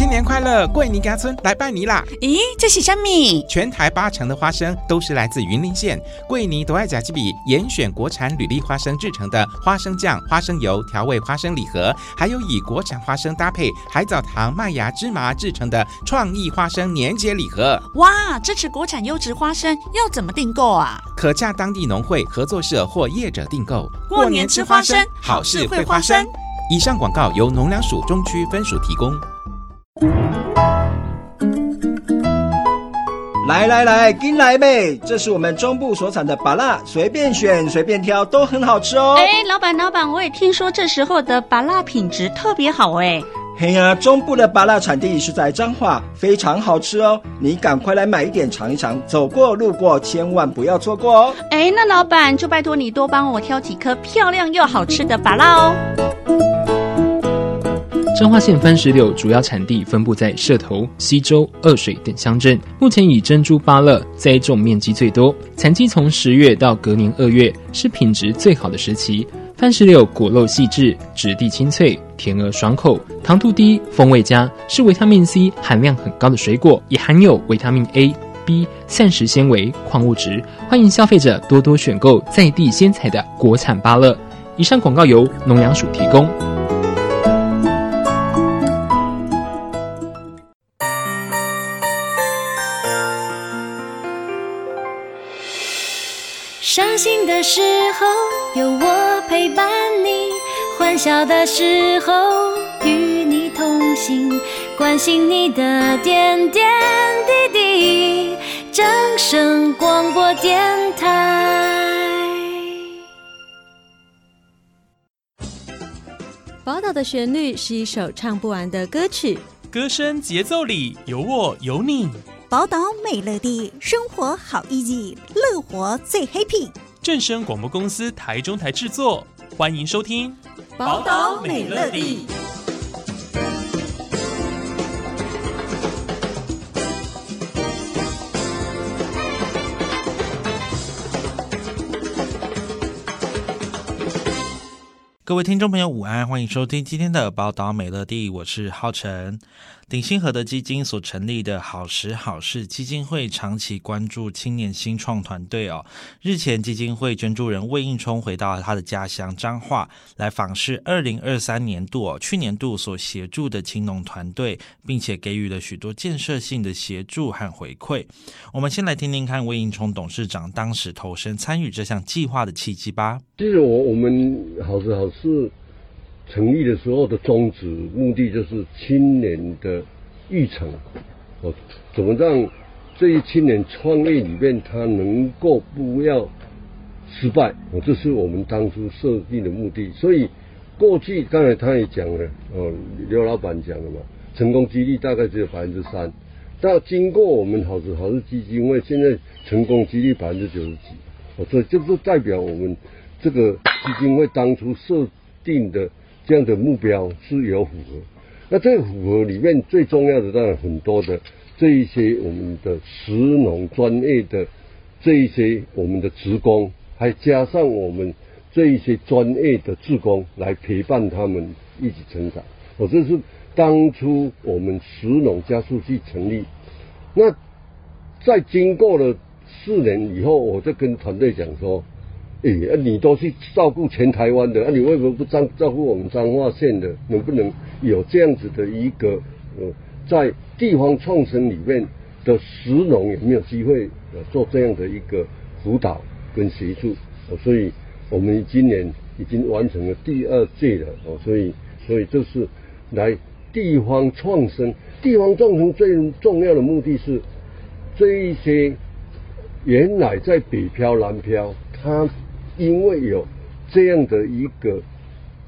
新年快樂！桂林家村來拜年啦！咦，這是什麼？全台八成的花生都是來自雲林縣桂林獨愛甲基比，嚴選國產履歷花生製成的花生醬、花生油、調味花生禮盒，還有以國產花生搭配海藻糖、麥芽芝麻製成的創意花生年節禮盒。哇，支持國產優質花生，要怎麼訂購啊？可洽當地農會合作社或業者訂購。過年吃花生，好事會花生。以上廣告由農糧署中區分署提供。來來來，跟來唄！這是我們中部所產的芭樂，隨便選、隨便挑都很好吃哦。哎，老闆，老闆，我也聽說這時候的芭樂品質特別好哎。嘿呀、啊，中部的芭樂產地是在彰化，非常好吃哦。你趕快來買一點嚐一嚐，走過路過千萬不要錯過哦。哎，那老闆就拜托你多幫我挑幾顆漂亮又好吃的芭樂哦。嗯彰化縣番石榴主要產地分布在社頭、溪州、二水等鄉鎮，目前以珍珠芭樂栽種面積最多。產期從十月到隔年二月是品質最好的時期。番石榴果肉細緻、質地清脆、甜而爽口，糖度低，風味佳，是維他命 C 含量很高的水果，也含有維他命 A、B、膳食纖維、礦物質。歡迎消費者多多選購在地鮮採的國產芭樂。以上廣告由農糧署提供。傷心的時候有我陪伴你，歡笑的時候與你同行，關心你的點點滴滴。正聲廣播電台。寶島的旋律是一首唱不完的歌曲，歌聲節奏裡有我有你。寶島美樂蒂，生活好 easy，樂活最 happy。正聲廣播公司台中台製作，歡迎收聽《寶島美樂蒂》。各位聽眾朋友，午安，歡迎收聽今天的《寶島美樂地》，我是浩成。鼎新和德基金所成立的好食好事基金會，長期關注青年新創團隊哦。日前，基金會捐助人魏應充回到了他的家鄉彰化來訪視二零二三年度哦，去年度所協助的青農團隊，並且給予了許多建設性的協助和回饋。我們先來聽聽看魏應充董事長當時投身參與這項計劃的契機吧。其實我我們好食好事。是成立的時候的宗旨目的就是青年的育成，哦，怎麼讓這一青年創業裡面他能夠不要失敗，哦，這是我們當初設定的目的。所以過去剛才他也講了，哦，劉老闆講了嘛，成功幾率大概只有百分之三，到經過我們好食好事基金，因為現在成功幾率百分之九十幾，哦，這就是代表我們。這個基金會當初設定的這樣的目標是有符合，那這個符合裡面最重要的當然很多的這一些我們的食農專業的這一些我們的職工，還加上我們這一些專業的職工來陪伴他們一起成長。我、哦、這是當初我們食農加速器成立，那在經過了四年以後，我就跟團隊講說。誒，欸啊、你都是照顧全台灣的，那、啊、你為什麼不照照顧我們彰化縣的？能不能有這樣子的一個，呃，在地方創生裡面的食農有沒有機會，呃，做這樣的一個輔導跟協助、呃？所以我們今年已經完成了第二屆了，哦、呃，所以所以就是來地方創生，地方創生最重要的目的是，這一些原來在北漂南漂，他。因為有這樣的一個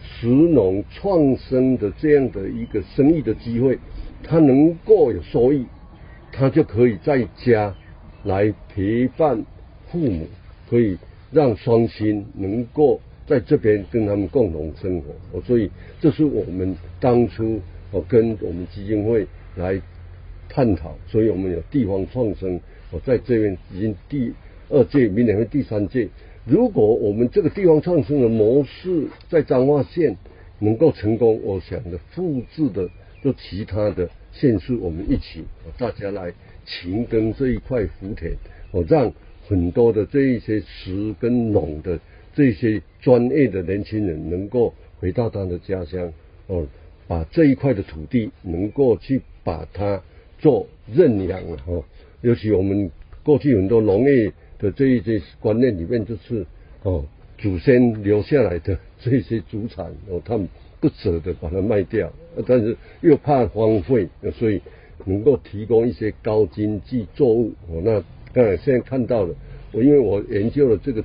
食農創生的這樣的一個生意的機會，他能夠有收益，他就可以在家來陪伴父母，可以讓雙親能夠在這邊跟他們共同生活。所以這是我們當初我跟我們基金會來探討，所以我們有地方創生，我在這邊已經第二屆，明年會第三屆。如果我們這個地方創新的模式在彰化縣能夠成功，我想的複製的就其他的縣市，我們一起大家來勤耕這一塊福田，哦，讓很多的這一些石跟農的這一些專業的年輕人能夠回到他的家鄉，哦，把這一塊的土地能夠去把它做認養了哈、哦，尤其我們過去很多農業。的這一些觀念裡面，就是哦祖先留下來的這些祖產，哦他們不捨得把它賣掉，但是又怕荒廢，所以能夠提供一些高經濟作物，哦那剛才現在看到了，我因為我研究了這個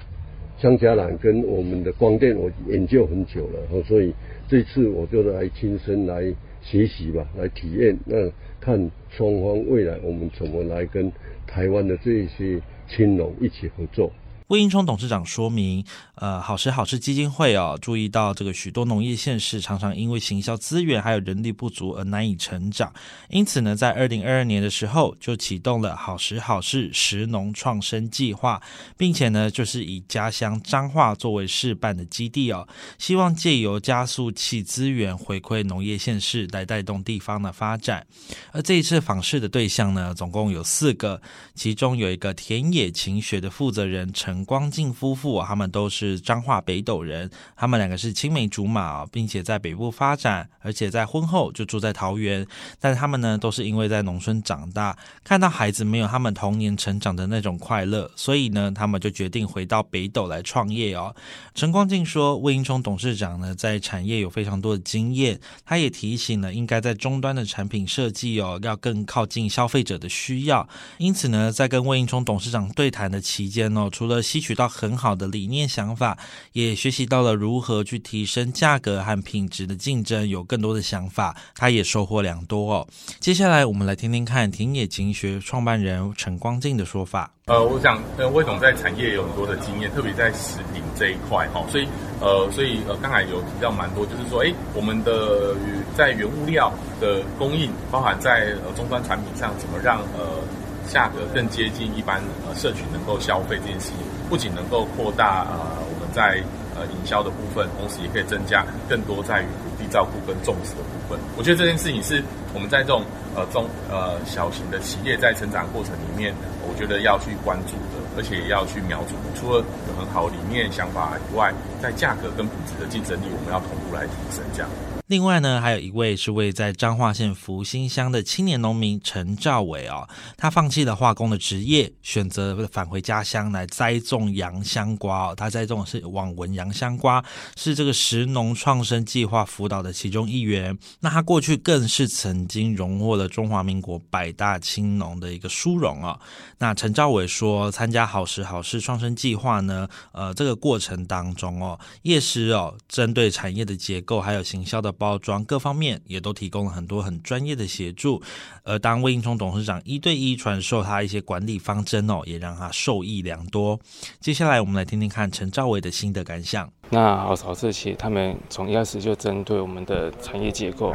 香莢蘭跟我們的光電，我研究很久了，哦所以這次我就來親身來學習吧，來體驗，那看雙方未來我們怎麼來跟台灣的這一些。青農一起合作。魏應充董事長說明，呃，好食好事基金會哦，注意到這個許多農業縣市常常因為行銷資源還有人力不足而難以成長，因此呢，在二零二二年的時候就啟動了好食好事食農創生計劃，並且呢，就是以家鄉彰化作為示範的基地哦，希望借由加速器資源回饋農業縣市，來帶動地方的發展。而這一次訪視的對象呢，總共有四個，其中有一個田野勤學的負責人陳。陳光靖夫婦，他們都是彰化北斗人，他們兩個是青梅竹馬，並且在北部發展，而且在婚後就住在桃園。但他們呢，都是因為在農村長大，看到孩子沒有他們童年成長的那種快樂，所以呢，他們就決定回到北斗來創業哦。陳光靖說：“魏應充董事長呢，在產業有非常多的經驗，他也提醒了應該在終端的產品設計哦，要更靠近消費者的需要。因此呢，在跟魏應充董事長對談的期間哦，除了……吸取到很好的理念想法，也學習到了如何去提升價格和品質的競爭，有更多的想法，他也收穫良多哦。接下來我們來聽聽看田野勤學創辦人陳光進的說法。呃，我想呃魏總在產業有很多的經驗，特別在食品這一塊哈、哦，所以呃所以呃剛才有提到蠻多，就是說誒，我們的在原物料的供應，包含在呃終端產品上怎麼讓呃。價格更接近一般呃社群能夠消費這件事情，不僅能夠擴大呃我們在呃營銷的部分，同時也可以增加更多在於土地照顧跟種植的部分。我覺得這件事情是我們在這種呃中呃小型的企業在成長過程裡面，我覺得要去關注的，而且也要去瞄準。除了有很好的理念想法以外，在價格跟品質的競爭力，我們要同步來提升這樣。另外呢，還有一位是位在彰化縣福興鄉的青年農民陳兆偉哦，他放棄了化工的職業，選擇返回家鄉來栽種洋香瓜哦。他栽種的是網紋洋香瓜，是這個“食農創生計劃”輔導的其中一員。那他過去更是曾經榮獲了中華民國百大青農的一個殊榮哦。那陳兆偉說，參加“好食好事創生計劃”呢，呃，這個過程當中哦，業師哦，針對產業的結構還有行銷的。包裝各方面也都提供了很多很專業的協助，而當魏應充董事長一對一傳授他一些管理方針哦，也讓他受益良多。接下來我們來聽聽看陳兆偉的心得感想。那好食好事他們從一開始就針對我們的產業結構，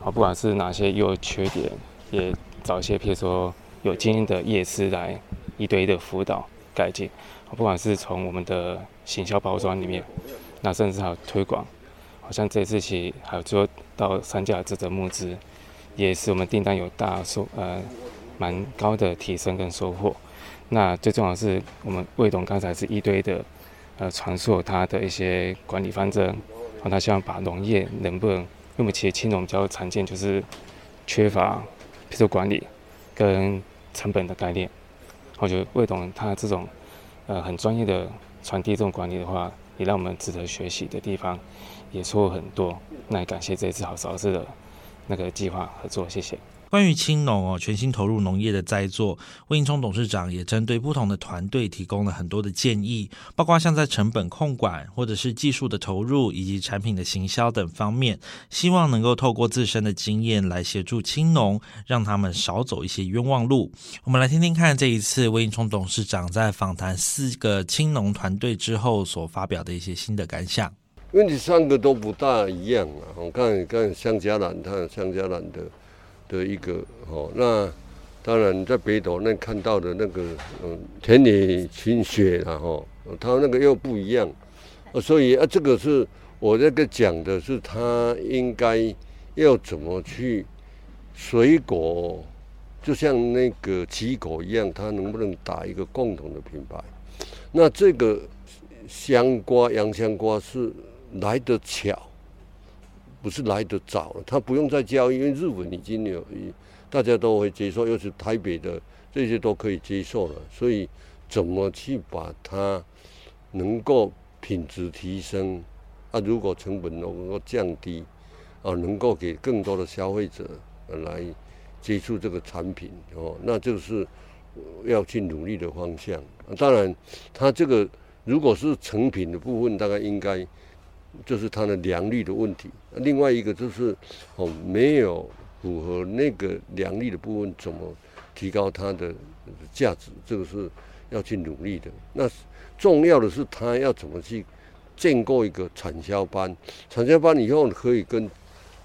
啊，不管是哪些有缺點，也找一些，比如說有經驗的業師來一對一的輔導改進。不管是從我們的行銷包裝裡面，那甚至還有推廣。像這次期還有做到三家，這種募資，也是我們訂單有大收呃，蠻高的提升跟收穫。那最重要的是我們魏董剛才是一堆的呃傳授他的一些管理方針，然後他希望把農業能不能，因為我們其實青農比較常見就是缺乏制度管理跟成本的概念。我覺得魏董他這種呃很專業的傳遞這種管理的話，也讓我們值得學習的地方。也說了很多，那也感謝這一次好食好事的那個計劃合作，謝謝。關於青農哦，全新投入農業的在座，魏應充董事長也針對不同的團隊提供了很多的建議，包括像在成本控管或者是技術的投入以及產品的行銷等方面，希望能夠透過自身的經驗來協助青農，讓他們少走一些冤枉路。我們來聽聽看這一次魏應充董事長在訪談四個青農團隊之後所發表的一些新的感想。因為你三個都不大一樣啊！我看，看香蕉蘭，它香加蘭的的一個，哦。那當然在北斗那看到的那個，嗯，田野清雪，啊、然、哦、後它那個又不一樣，啊、所以啊，這個是我這個講的是它應該要怎麼去水果，就像那個奇異果一樣，它能不能打一個共同的品牌？那這個香瓜、洋香瓜是。來得巧，不是來得早。他不用再教，因為日本已經有，大家都會接受，又是台北的這些都可以接受了。所以，怎麼去把它能夠品質提升？啊，如果成本能夠降低，啊，能夠給更多的消費者來接觸這個產品，哦，那就是要去努力的方向。當然，他這個如果是成品的部分，大概應該。就是它的良率的問題，另外一個就是哦，沒有符合那個良率的部分，怎麼提高它的價值，這個是要去努力的。那重要的是他要怎麼去建構一個產銷班，產銷班以後可以跟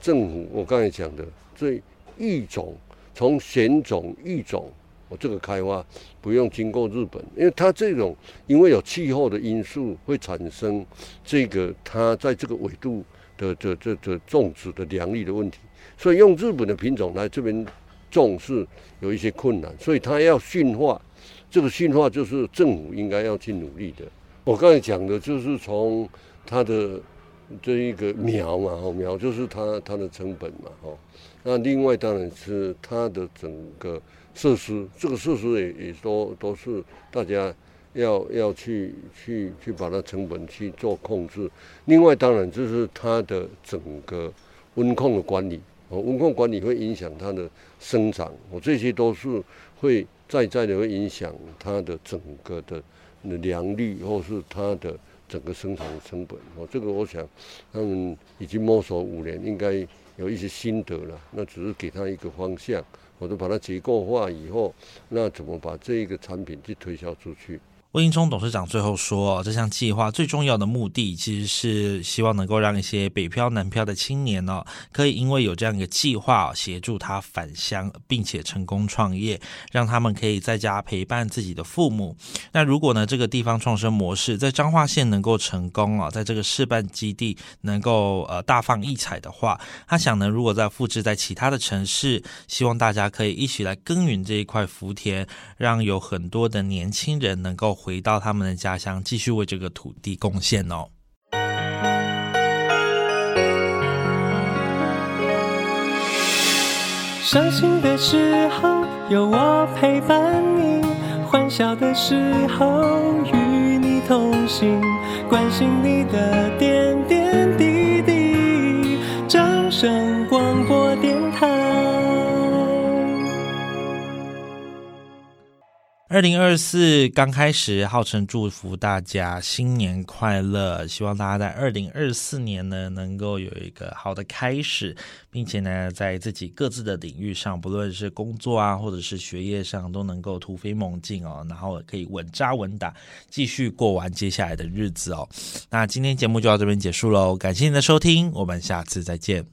政府，我剛才講的，所以育種從選種育種。我這個開花不用經過日本，因為它這種因為有氣候的因素會產生這個它在這個緯度的這這這種植的良率的問題，所以用日本的品種來這邊種是有一些困難，所以它要馴化，這個馴化就是政府應該要去努力的。我剛才講的就是從它的這一個苗嘛、哦，苗就是它它的成本嘛，哈、哦，那另外當然是它的整個。設施，這個設施也也都都是大家要要去去去把它成本去做控制。另外，當然就是它的整個溫控的管理，哦，溫控管理會影響它的生長，我這些都是會再再的會影響它的整個的良率，或是它的整個生產的成本。我這個我想他們已經摸索五年，應該有一些心得了，那只是給他一個方向。我都把它結構化以後，那怎麼把這一個產品去推銷出去？魏英忠董事長最後說、哦：“這項計劃最重要的目的，其實是希望能夠讓一些北漂、南漂的青年呢、哦，可以因為有這樣一個計劃、哦，協助他返鄉，並且成功創業，讓他們可以在家陪伴自己的父母。那如果呢，這個地方創生模式在彰化縣能夠成功啊、哦，在這個示範基地能夠呃大放異彩的話，他想呢，如果再複製在其他的城市，希望大家可以一起來耕耘這一塊福田，讓有很多的年輕人能夠。”回到他們的家鄉，繼續為這個土地貢獻哦。傷心的時候有我陪伴你，歡笑的時候與你同行，關心你的點點滴滴，掌聲廣播電二零二四剛開始，浩辰祝福大家新年快樂！希望大家在二零二四年呢，能夠有一個好的開始，並且呢，在自己各自的領域上，不論是工作啊，或者是學業上，都能夠突飛猛進哦。然後可以穩紮穩打，繼續過完接下來的日子哦。那今天節目就到這邊結束嘍，感謝您的收聽，我們下次再見。